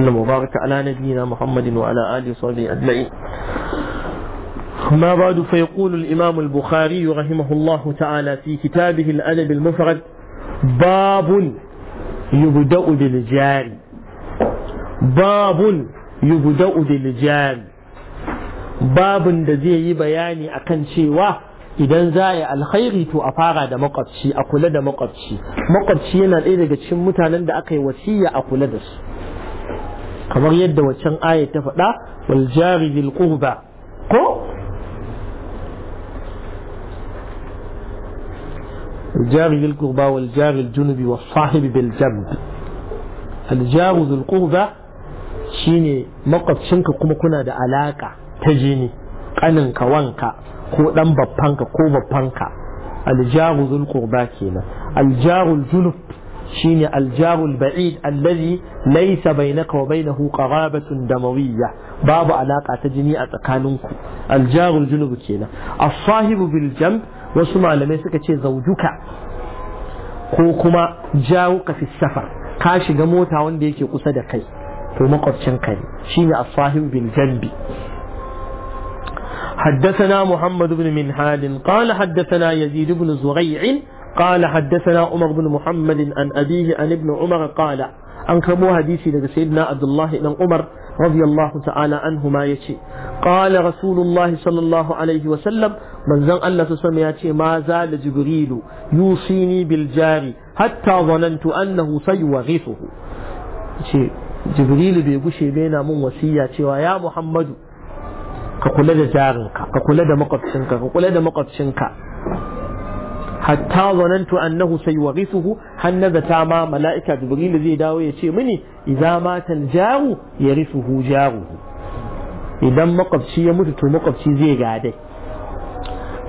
المبارك على نبينا محمد وعلى آله وصحبه أجمعين ما بعد فيقول الإمام البخاري رحمه الله تعالى في كتابه الأدب المفرد باب يبدأ بالجار باب يبدأ بالجار باب دزي بياني أكن شيوا idan za a yi alkhairi to a fara da makwabci a kula da makwabci makwabci yana ɗaya daga kamar yadda waccan aya ta faɗa wal jari bil qurba ko الجار ذي القربى الجنب والصاحب بالجنب الجار ذي القربى shine makwabcinka kuma kuna da alaƙa ta jini kaninka wanka ko dan babbanka ko babbanka aljaru zul kenan aljarul shine aljarul ba'id allazi laysa bainaka wa bainahu qarabatun damawiyya babu alaka ta jini a tsakaninku aljarul junub kenan as-sahibu bil jamb wasu malamai suka ce zaujuka ko kuma jawuka fi safar ka shiga mota wanda yake kusa da kai to makwabcin ka ne shine as-sahibu bil jambi حدثنا محمد بن منهاد قال حدثنا يزيد بن زريع قال حدثنا عمر بن محمد عن أبيه عن ابن عمر قال an karbo hadisi daga sayyidina abdullahi dan umar radiyallahu ta'ala anhu ma yace qala rasulullah sallallahu alaihi wa sallam manzon Allah su sama yace maza zala jibrilu yusini bil jari hatta zanantu annahu sayuwarithuhu ce jibrilu bai gushe bai na mun wasiya cewa ya muhammadu ka kula da jarinka ka kula da makwabcinka ka kula da makwabcinka hatta zanantu annahu sayughithuhu hannaza ta ma mala'ika jibril zai dawo ya ce mini idza matan jaru yarithuhu jaruhu idan makwabci ya mutu to makwabci zai gade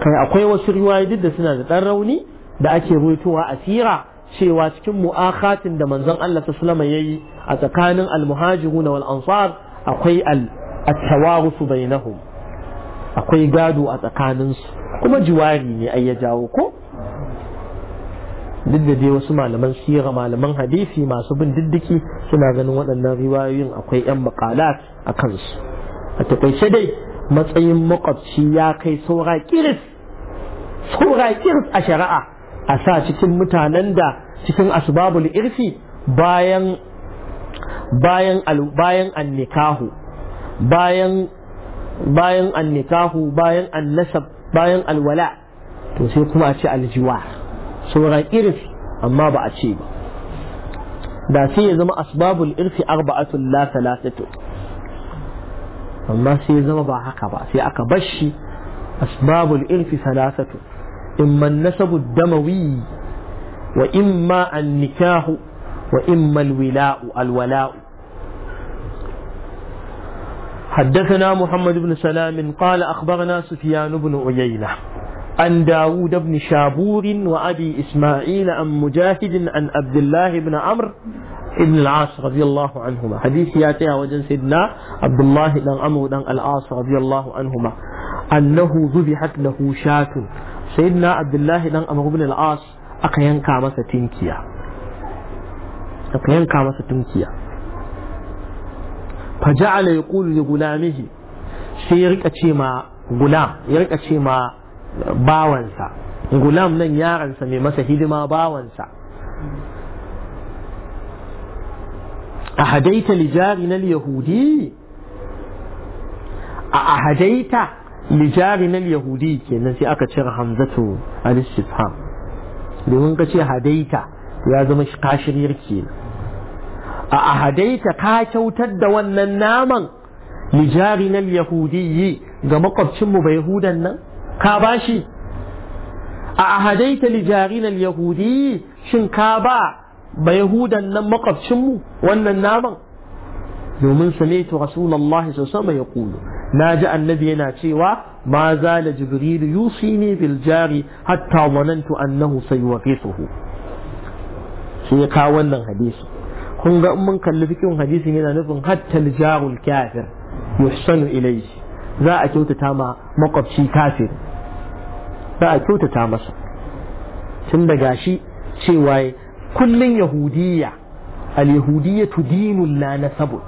kai akwai wasu riwayoyi duk da suna da dan rauni da ake ruwaitowa a sira cewa cikin mu'akhatin da manzon Allah ta sallama yayi a tsakanin na wal ansar akwai at-tawarusu bainahum akwai gado a tsakaninsu kuma jiwari ne ai ya jawo ko duk da dai wasu malaman sira malaman hadisi masu bin diddiki suna ganin waɗannan riwayoyin akwai 'yan maƙala a kansu a taƙaice dai matsayin makwabci ya kai saura kiris saura kiris a shari'a a sa cikin mutanen da cikin asbabul irfi bayan bayan bayan annikahu bayan bayan annikahu bayan annasab bayan alwala to sai kuma a ce aljiwa sauran irfi amma ba a ce ba da sai ya zama asbabul irfi arba'atun la thalathatu amma sai ya zama ba haka ba sai aka bashi asbabul irfi thalathatu imma nasabu damawi wa imma an nikahu wa imma al-wila'u al-wala'u حدثنا محمد بن سلام قال أخبرنا سفيان بن عيينة عن داود بن شابور وأبي إسماعيل عن مجاهد عن عبد الله بن عمرو بن العاص رضي الله عنهما حديث ياتيها وجن سيدنا عبد الله بن عمرو بن العاص رضي الله عنهما أنه ذبحت له شاة سيدنا عبد الله بن عمرو بن العاص أقين كامسة تنكيا أقين كامسة تنكيا فجعل يقول لغلامه سيرك أتشيما غلام يرك أتشيما bawansa gulam nan yaransa mai masa hidima bawansa a hadaita lijari na yahudi a hadaita lijari na yahudi kenan sai aka cire hamzatu alishifam domin ka ce hadaita ya zama kashirir ke a hadaita ka kyautar da wannan naman lijari na yahudi ga makwabcinmu bai hudan nan ka bashi a ahadaita li jarina yahudi shin ka ba ba yahudan nan makwabcinmu wannan naman domin sami'tu rasulullahi sallallahu ya kulu na ji annabi yana cewa ma da jibril yusini bil jari hatta wanantu annahu sayuwaqisuhu sai ya kawo wannan hadisi kun ga mun kalli fikin hadisin yana nufin hatta jarul kafir yuhsanu ilayhi za a kyautata ma makwabci kafir za a kyautata masa tun daga shi cewa kullum Yahudiya, al-yahudiyya dinun la nasabun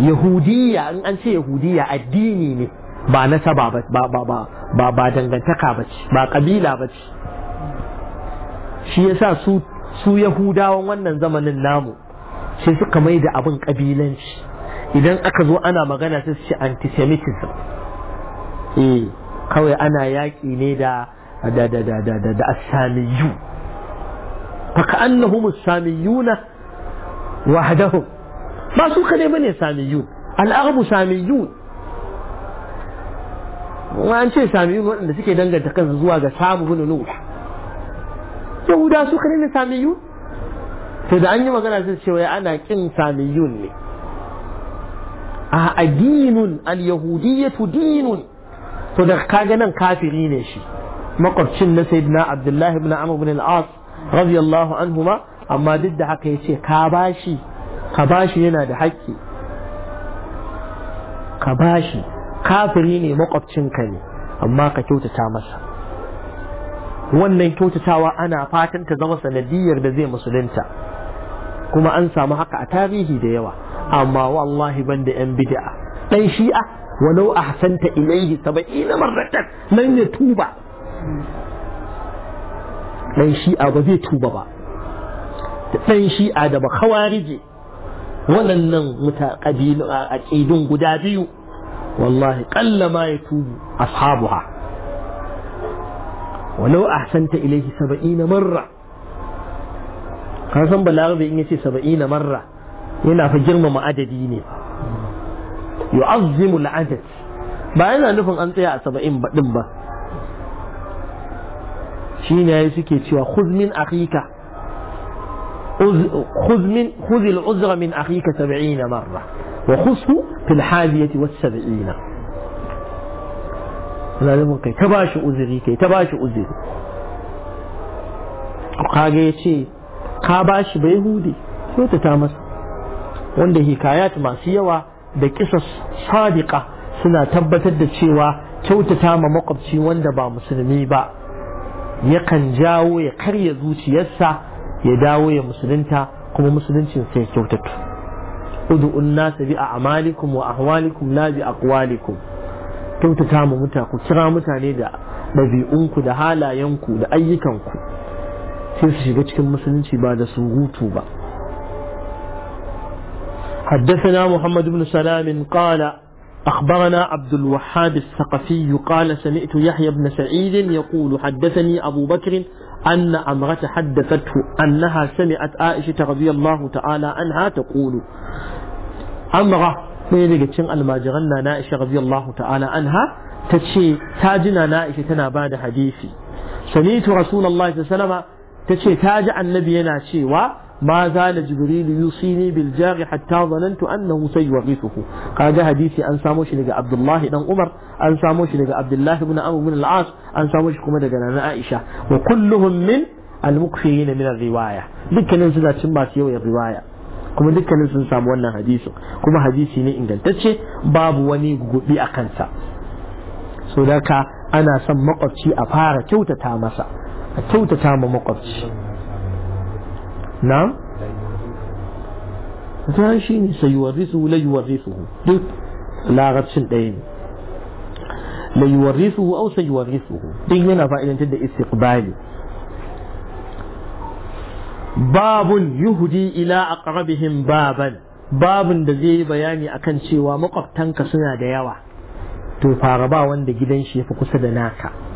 yahudiyya in an ce Yahudiya addini ne ba nasaba ba ba ba ba dangantaka ba ce ba kabila ba ce shi yasa su su yahudawan wannan zamanin namu sai suka mai da abin kabilanci idan aka zo ana magana sai su ce antisemitism eh kawai ana yaƙi ne da da da da da da da asamiyu fa annahum asamiyuna wahdahum ba su kane bane samiyu al'arabu samiyu an ce samiyu waɗanda suke danganta kansu zuwa ga samu bin nuh yahuda su kane ne samiyu to da an yi magana sai ce wai ana kin samiyun ne A'a dinun al-yahudiyyatu dinun to da kaga nan kafiri ne shi makwabcin na sayyidina abdullahi ibn amr ibn al-as radiyallahu anhuma amma duk da haka yace ka bashi ka bashi yana da haƙƙi ka bashi kafiri ne ka ne amma ka kyautata masa wannan kyautatawa ana fatan ta zama sanadiyar da zai musulunta kuma an samu haka a tarihi da yawa amma wallahi ban da yan bid'a dan shi'a walau ahsanta ilayhi sab'ina marratan nan ya tuba dan shi'a ba zai tuba ba dan shi'a da ba khawarije waɗannan muta ƙabilu a ƙidun guda biyu wallahi ƙalla ma ya tubu ashabuha walau ahsanta ilayhi na marra ka san balarabe in yace saba'i na marra yana fa girmama adadi ne yu'azzimu al'adad ba yana nufin an tsaya a saba'in baɗin ba shi ne suke cewa khuzmin akhika khuzmin khuzil uzra min akhika 70 marra wa khushu fil hadiyati was 70 ana nufin kai ta bashi uzuri kai ta bashi uzuri kage yace ka bashi bai hudi sai ta ta masa wanda hikayat masu yawa da kisas sadiqa suna tabbatar da cewa kyautata ma makwabci wanda ba musulmi ba yakan jawo ya karya zuciyarsa ya dawo ya musulunta kuma musuluncin sai kyautatu ud'u unna sabi a a'malikum wa ahwalikum la bi aqwalikum kyautata ma muta ku kira mutane da ɗabi'unku da halayenku da ayyukanku sai su shiga cikin musulunci ba da sun hutu ba حدثنا محمد بن سلام قال أخبرنا عبد الوهاب الثقفي قال سمعت يحيى بن سعيد يقول حدثني أبو بكر أن أمرة حدثته أنها سمعت عائشة رضي الله تعالى عنها تقول أمرة من يجتمع المجرن عائشة رضي الله تعالى عنها تشي تاجنا نائشة بعد حديثي سمعت رسول الله صلى الله عليه وسلم تشي تاج النبي ناشي ما زال جبريل يوصيني بالجار حتى ظننت أنه سيورثه قال حديثي أن ساموش لقى عبد الله بن عمر أن ساموش لقى عبد الله بن عمرو بن العاص أن ساموش كما لقى عائشة وكلهم من المكفرين من الرواية ذكر سنة تما سيوي الرواية kuma dukkanin sun samu wannan hadisin kuma hadisi ne ingantacce babu wani gugubi a kansa so da ana son makwabci a fara kyautata masa a kyautata ma makwabci na'am ta shi ne sai yuwarrisu la duk larabcin ɗaya ne la yuwarrisu aw sai duk yana fa'idantar da istiqbali babun yuhudi ila aqrabihim baban babun da zai yi bayani akan cewa makwabtanka suna da yawa to fara ba wanda gidan shi ya fi kusa da naka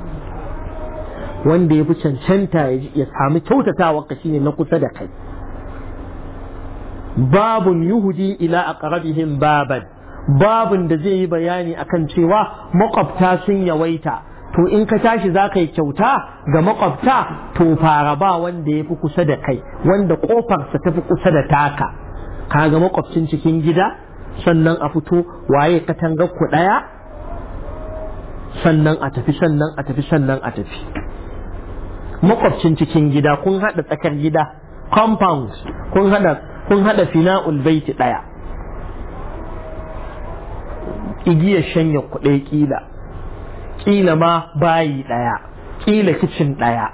wanda ya fi cancanta ya sami kyautatawa ka shine na kusa da kai babun yuhudi ila a ƙarabihin baban babun da zai yi bayani akan cewa makwabta sun yawaita to in ka tashi za ka yi kyauta ga makwabta to fara ba wanda ya fi kusa da kai wanda ƙofarsa ta fi kusa da taka ga makwabcin cikin gida sannan a fito waye katangar ku ɗaya sannan a tafi sannan a tafi sannan a tafi makwabcin cikin gida kun hada tsakar gida compound kun hada kun hada fina'ul baiti daya igiya shanya kuɗe kila kila ma bayi daya kila kicin daya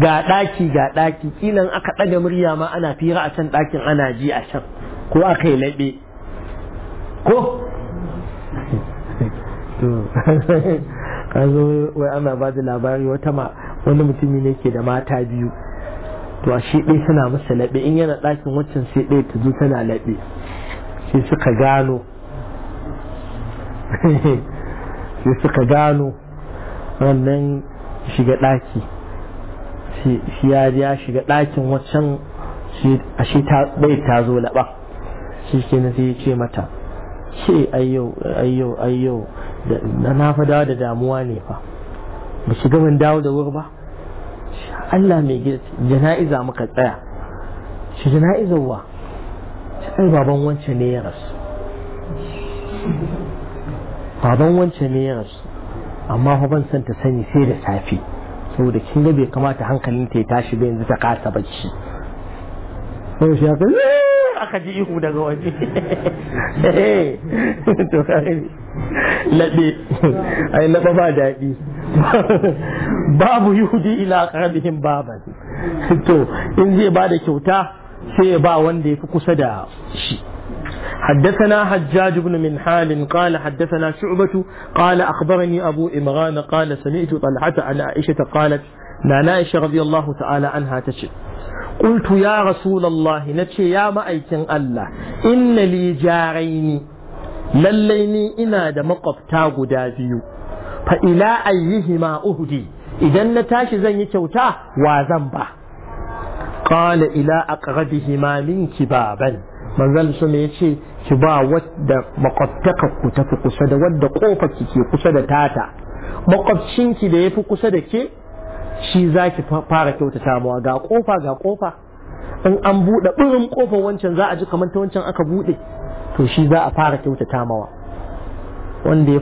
ga ɗaki ga ɗaki kilan aka ɗaga murya ma ana fira a can ɗakin ana ji a can ko aka yi laɓe ko ka zo wai ana ba da labari wata ma wani mutumi ne ke da mata biyu to shi ɗaya suna masa laɓe in yana ɗakin waccan sai ɗaya ta zo tana laɓe sai suka gano sai suka gano wannan shiga ɗaki shi ya ya shiga ɗakin waccan a shi ɗaya ta zo laɓa shi ke na sai ce mata ce ayyau ayyau ayyau na fa da damuwa ne fa ba shiga gaban dawo da wuri ba Allah mai jana'iza muka tsaya shi jana'iza wa ai baban wancan ne ya rasu baban wancan ne ya rasu amma fa ban san ta sani sai da safe saboda kin ga bai kamata hankalin ta ya tashi ba yanzu ta kasa bacci sai shi aka aka ji ihu daga waje eh, to kare laɓe ai laɓa ba daɗi babu yahudi ila qarabihim baban to in zai ba da kyauta sai ya ba wanda ya fi kusa da shi حدثنا حجاج بن منحال قال حدثنا شعبة قال أخبرني أبو إمران قال سمعت طلحة عن عائشة قالت نانا عائشة رضي الله تعالى عنها تشد قلت يا رسول الله نتشي يا مأيكن الله إن لي جارين lallai ni ina da makwabta guda biyu fa ila ayyihima uhdi idan na tashi zan yi kyauta wa zan ba qala ila aqrabihima min baban manzal su ne yace ki ba wadda makwabtaka ku tafi kusa da wadda kofar ki kusa da tata ki da yafi kusa da ke shi zaki fara kyautata mu ga kofa ga kofa in an buɗe burin kofar wancan za a ji kamar ta wancan aka buɗe to shi za a fara kyautata mawa wanda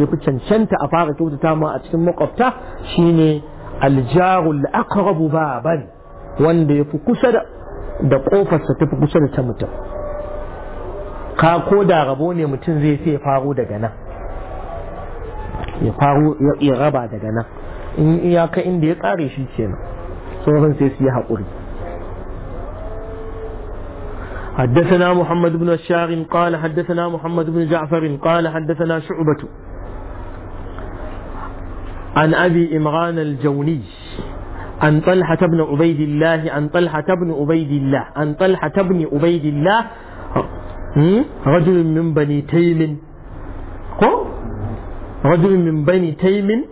ya fi cancanta a fara kyautata mawa a cikin makwabta shine aljarul aqrabu baban wanda ya fi kusa da da kofarsa ta fi kusa da ta mutum ka ko da rabo ne mutum zai sai faru daga nan ya faro ya raba daga nan in iyaka inda ya tsare shi kenan sauran sai su yi haƙuri حدثنا محمد بن الشاغ قال حدثنا محمد بن جعفر قال حدثنا شعبة عن أبي إمران الجوني عن طلحة بن عبيد الله عن طلحة بن عبيد الله عن طلحة بن عبيد الله رجل من بني تيم رجل من بني تيم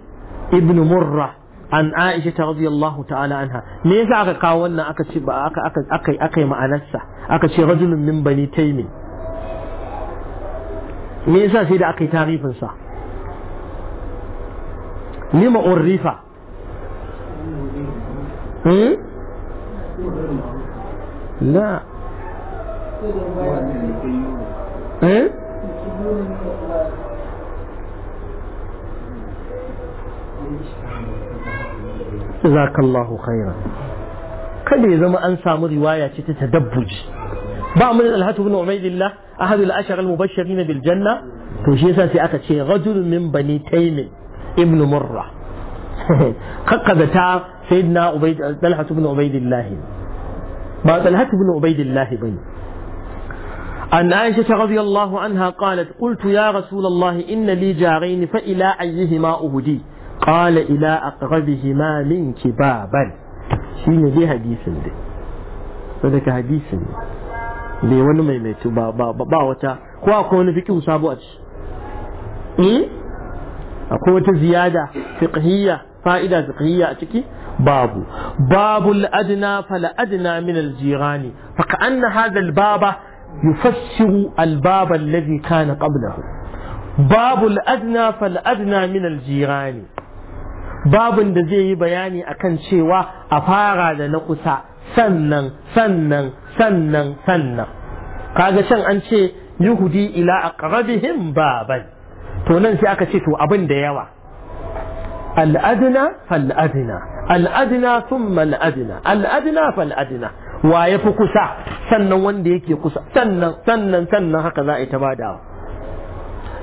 ابن مرة an Aisha ta radiyallahu ta'ala anha me yasa aka kawo wannan aka ce ba aka aka aka aka ma'anarsa aka ce rajulun min bani taymi me yasa sai da aka yi tarifin sa lima urrifa hmm la eh jazakallahu khairan kada ya zama an samu riwaya ce ta tadabbuji ba mu da alhatu ibn umaydillah ahadu al-ashar al-mubashirin bil janna to shi yasa sai aka ce rajulun min bani taymin ibn murra kakkaza ta sayyidina ubayd talha ibn ubaydillah ba talha ibn ubaydillah bane عن عائشة رضي الله عنها قالت قلت يا رسول الله إن لي جارين فإلى أيهما أهدي قال إلى أقربهما منك بابا شيني دي حديث دي ودك حديث دي دي ونو مي ميتو با با با با وتا كو اكو ني فيكو سابو اتش اي اكو وتا زياده فقهيه فائده فقهيه اتكي باب باب الادنى فلا ادنى من الجيران فكان هذا الباب يفسر الباب الذي كان قبله باب الادنى فالادنى من الجيران babin da zai yi bayani a kan cewa a fara da na kusa sannan sannan sannan sannan kaga can an ce yuhudi ila aqrabihim baban to nan sai aka ce to abin da yawa al'adna fal'adna al'adna thumma al'adna al'adna fal'adna wa ya fi kusa sannan wanda yake kusa sannan sannan sannan haka za a yi ta badawa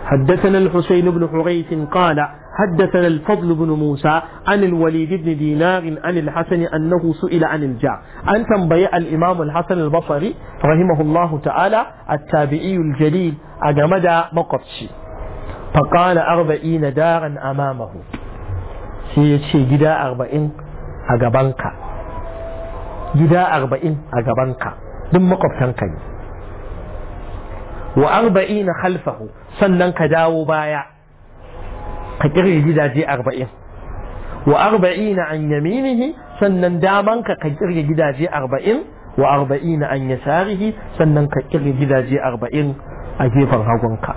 حدثنا الحسين بن حريث قال حدثنا الفضل بن موسى عن الوليد بن دينار عن الحسن أنه سئل عن الجاع أن تنبيع الإمام الحسن البصري رحمه الله تعالى التابعي الجليل أجمد مقرشي فقال أربعين دارا أمامه سيشي جدا أربعين أجبانك جدا أربعين أجبانك دم مقرشنك وأربعين خلفه سننك داو بايع ka kirga gidaje arba'in wa arba'ina an yaminihi sannan daman ka ka kirga gidaje arba'in wa arba'ina an yasarihi sannan ka kirga gidaje arba'in a gefen hagunka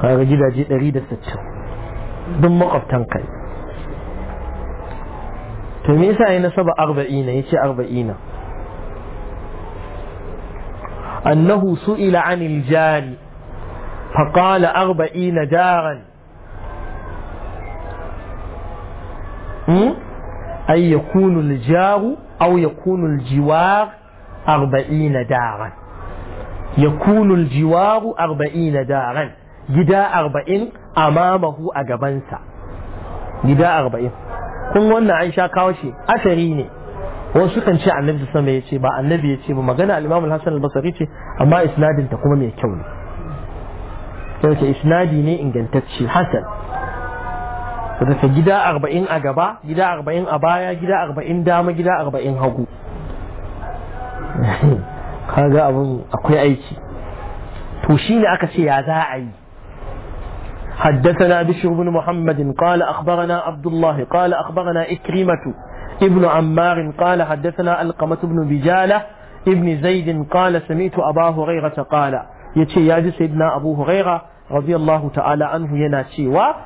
kaga gidaje ɗari da sittin duk makwabtan kai to me yasa yi nasaba arba'ina yace arba'ina annahu su'ila anil jari فقال أربعين دارا أن يكون الجار أو يكون الجوار أربعين دارا يكون الجوار أربعين دارا جدا أربعين أمامه أجبنسا جدا أربعين kun wannan an sha kawo shi asari ne wasu kan ce annabi sama ya ce ba annabi ya ce ba magana al-imam al-hasan al-basri ce amma isnadin ta kuma mai kyau ne sai isnadi ne ingantacce hasan daga gida 40 a gaba gida 40 a baya gida arba'in dama gida 40 hagu kaga abun akwai aiki to shine aka ce ya za a yi حدثنا بشر بن محمد قال أخبرنا عبد الله قال أخبرنا إكرمة ابن عمار قال حدثنا القمة بن بجالة ابن زيد قال سمعت أبا هريرة قال ya ce ya ji sayyidina abu huraira radiyallahu ta'ala anhu yana cewa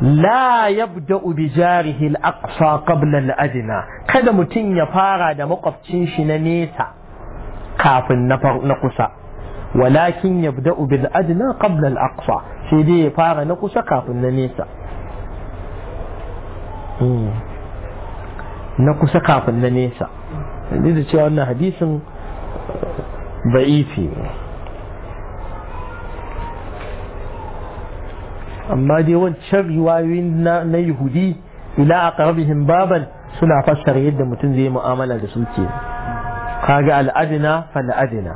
la yabda'u bi jarihi al-aqsa qabla al-adna kada mutum ya fara da makwabcin shi na nesa kafin na kusa walakin yabda'u bil adna qabla al-aqsa sai dai ya fara na kusa kafin na nesa hmm. na kusa kafin na nesa da cewa wannan hadisin ba'ifi eh, amma dai wancan riwayoyi na yahudi ila aqrabihim baban suna fassara yadda mutum zai mu'amala da su ke kaga al'adina fal adina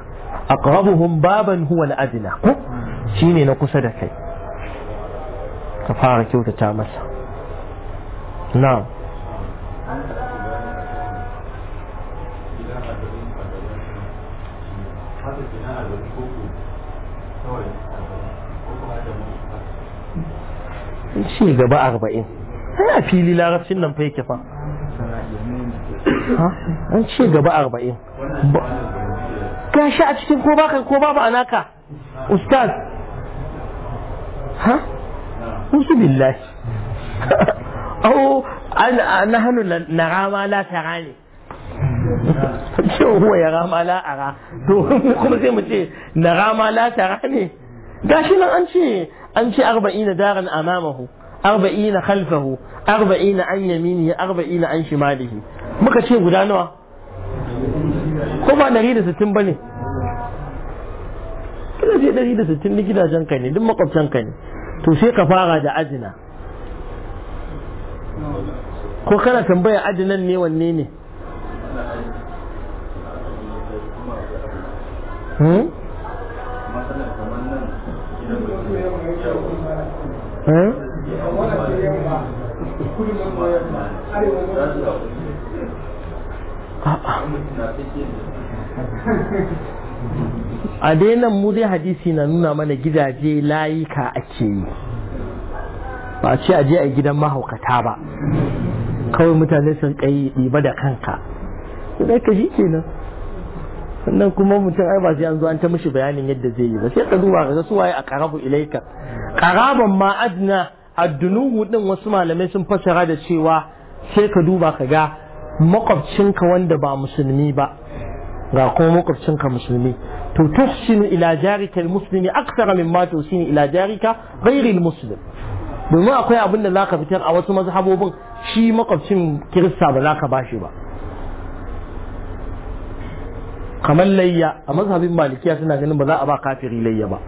aqrabuhum baban huwa al'adina shi shine na kusa da kai ka fara kyautata masa na'am ce gaba arba'in Ana fili larabcin nan fa yake fa an ce gaba arba'in ka shi a cikin ko baka ko babu anaka ustaz ha usu billahi au an hannu na rama la tara ne ce huwa ya rama la ara to kuma sai mu ce na rama la tara ne gashi nan an ce an ce arba'ina daran amamahu arba'ina khalfahu arba'ina an yaminihi arba'ina an shimalihi muka ce guda nawa ko ba 160 bane Kina je 160 ni gidajen ka ne duk makwabtan ka ne to sai ka fara da ajina ko kana tambaya ajinan ne wanne ne Hmm? hmm? a dai nan mu dai hadisi na nuna mana gidaje layika ake yi ba ce a je a gidan mahaukata ba kawai mutane sun kai ɗiba da kanka sai ka shi kenan sannan kuma mutum ai ba sai an zo an ta mishi bayanin yadda zai yi ba sai ka duba ga su waye a karabu ilaika karaban ma adna addunuhu din wasu malamai sun fassara da cewa sai ka duba ka ga makwabcinka wanda ba musulmi ba ga kuma makwabcinka musulmi to tuhsinu ila jarika almuslimi akthar mimma tuhsinu ila jarika ghairi almuslim domin akwai abin da zaka fitar a wasu mazhabobin shi makwabcin kirista ba zaka bashi ba kamar layya a mazhabin malikiya suna ganin ba za a ba kafiri layya ba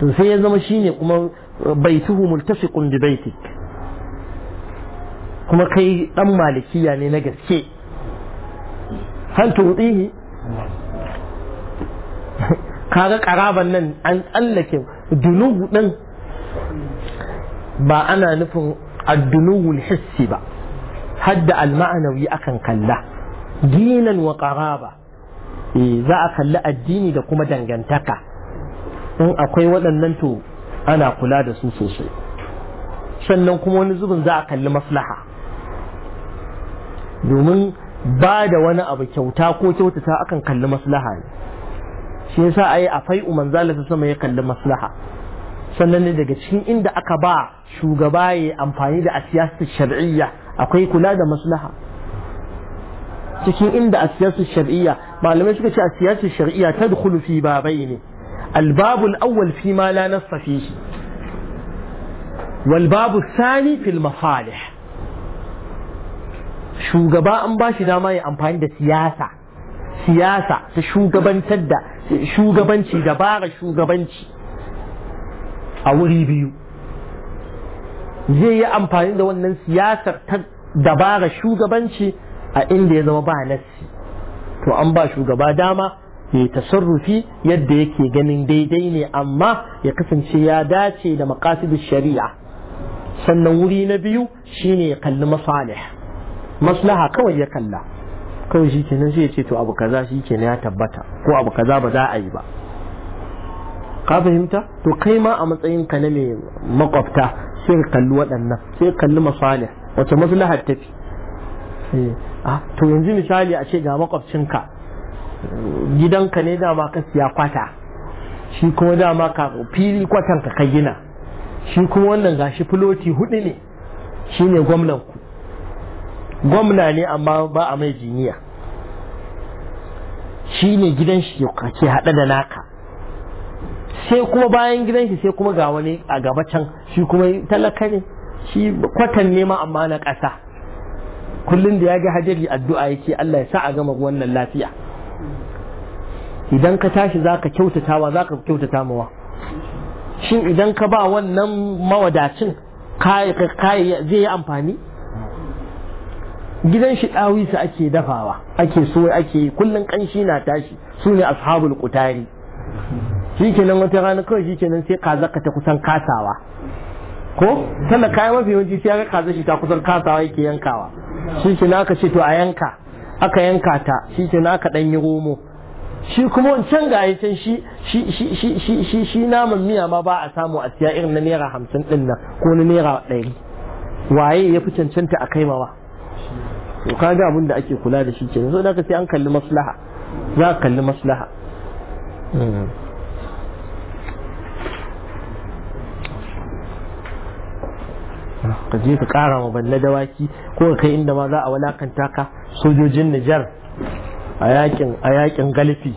to sai ya zama shine kuma baituhu multasiqun bi baitik kuma kai dan malikiya ne na gaske hal tudihi kaga karaban nan an tsallake dunubu din ba ana nufin addunubul hissi ba hadda al-ma'anawi akan kalla dinan wa qaraba eh, za a kalli addini da kuma dangantaka in akwai waɗannan to ana kula da su sosai sannan kuma wani zubin za a kalli maslaha domin ba da wani abu kyauta ko kyautata akan kalli maslaha ne shi yasa ayi a fai umman zalata sama ya kalli maslaha sannan ne daga cikin inda aka ba shugaba ya amfani da asiyasar shar'iyya akwai kula da maslaha cikin inda asiyasar shar'iyya malamai suka ce asiyasar shar'iyya ta fi babai ne الباب الأول فيما لا نص فيه والباب Sani في المصالح shugaba an ba shi dama ya amfani da siyasa siyasa ta shugabantar da shugabanci dabara shugabanci a wuri biyu zai yi amfani da wannan siyasar ta dabara shugabanci a inda ya zama ba nassi to an ba shugaba dama ya tasarrufi yadda yake ganin daidai ne amma ya kasance ya dace da maqasidish shari'a sannan wuri na biyu shine ya kalli masalih maslaha kawai ya kalla kawai shi kenan sai ya ce to abu kaza shi kenan ya tabbata ko abu kaza ba za a yi ba ka fahimta to kai ma a matsayin ka na mai makwabta sai ka kalli waɗannan sai ka kalli masalih wace maslaha tafi eh ah, to yanzu misali a ce ga makwabcinka gidanka ne dama ka siya kwata shi kuma dama ka fili kwatan ka ka gina shi kuma wannan gashi filoti hudu ne shi ne gwamnan ku gwamna ne amma ba a mai jiniya shi ne gidan shi ke haɗa da naka sai kuma bayan gidan shi sai kuma ga wani a gaba can shi kuma talaka ne shi kwatan nema amma na ƙasa kullum da ya ga hajjari addu'a yake Allah ya sa a gama wannan lafiya idan ka tashi za ka kyautatawa za ka kyautata mawa shin idan ka ba wannan mawadacin zai yi amfani gidan shi ɗawisa ake dafawa ake so ake kullum ƙanshi na tashi su ne ashabul kutari shi kenan wata rana kawai shi kenan sai kaza ka ta kusan kasawa ko tana kayan mafi yawanci sai ga kaza shi ta kusan kasawa yake yankawa shi kenan aka ce to a yanka aka yanka ta shi kenan aka ɗan yi romo shi kuma wancan gaye can shi shi shi shi shi shi shi naman miya ma ba a samu a siya irin na naira hamsin din nan ko na naira ɗari waye ya fi cancanta a kai mawa to ga abin da ake kula da shi kenan so da ka sai an kalli maslaha za ka kalli maslaha hmm. ka je ka kara ma balle dawaki ko ka kai inda ma za a walakanta ka sojojin Nijar a yakin a yakin galifi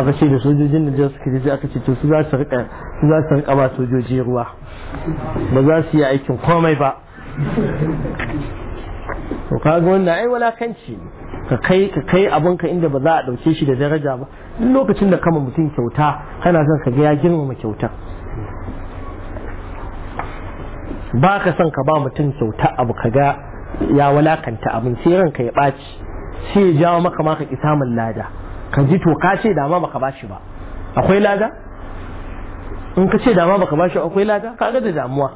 aka ce da sojojin jiya suka je aka ce to su za su rika su za su rika ba sojoji ruwa ba za su yi aikin komai ba to kaga wannan ai walakanci ka kai ka kai abinka inda ba za a dauke shi da daraja ba duk lokacin da kama mutum kyauta kana son ka ga ya girmama kyautar ba ka son ka ba mutum kyauta abu ka ga ya walakanta abin sai ranka ya ɓaci sai ya jawo maka maka ki samun lada ka ji to ka ce dama baka shi ba akwai lada in ka ce dama baka shi akwai lada ga da damuwa